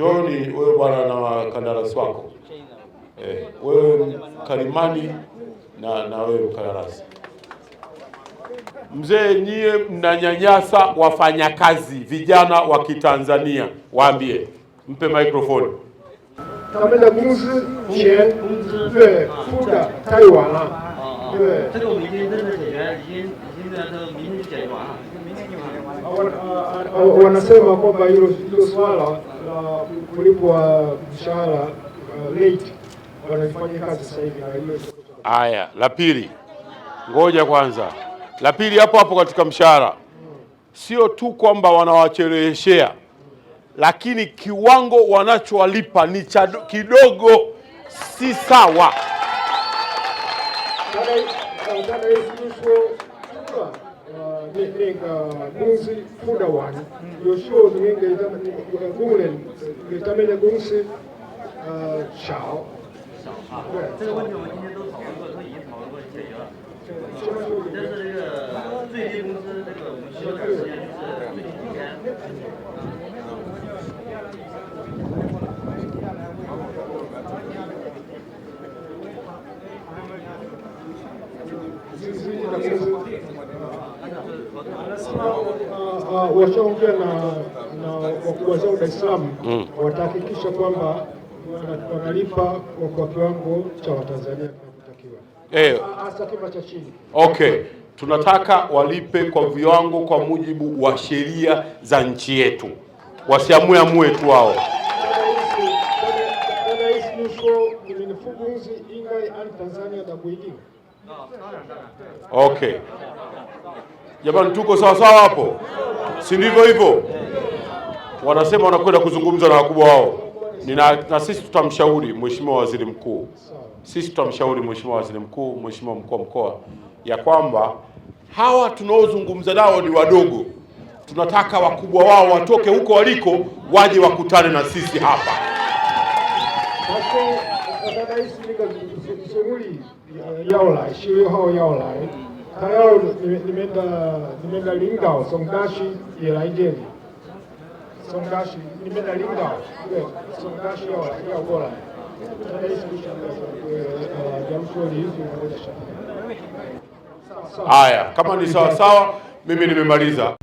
Njoni wewe bwana na wakandarasi wako eh, wewe kalimani na na wewe mkandarasi mzee, nyie mnanyanyasa wafanyakazi vijana wa Kitanzania. Waambie, mpe microphone wanasema kwamba hilo swala kulipwa mshahara late uh, wanaifanya kazi sasa hivi. Haya, la pili, ngoja kwanza, la pili hapo hapo katika mshahara, sio tu kwamba wanawacheleweshea, lakini kiwango wanachowalipa ni cha kidogo, si sawa. 呃，那那个公司付的完，有时候你们给他们工人给他们的公司呃，少少啊。对，这个问题我们今天都讨论过都已经讨论过解决了。但是这个最低工资这个我们有点儿悬。uh, washaongea na, na wakuu wazao Dar es Salaam mm. watahakikisha kwamba wanalipa kwa, kwa kiwango cha Watanzania kinachotakiwa eh. hasa kima cha chini okay. Tunataka walipe kwa viwango kwa mujibu wa sheria za nchi yetu, wasiamue amue tu wao. Yaani okay jamani, tuko sawasawa hapo si ndivyo hivyo? Wanasema wanakwenda kuzungumza na wakubwa wao. Nina, na sisi tutamshauri Mheshimiwa Waziri Mkuu, sisi tutamshauri Mheshimiwa Waziri Mkuu, Mheshimiwa mkuu wa mkoa ya kwamba hawa tunaozungumza nao ni wadogo, tunataka wakubwa wao watoke huko waliko waje wakutane na sisi hapa. Karao nimeenda nimeenda Lingao nimeenda Lingao eh, eh, eh, ya bora Haya, kama ni sawa sawa, mimi nimemaliza.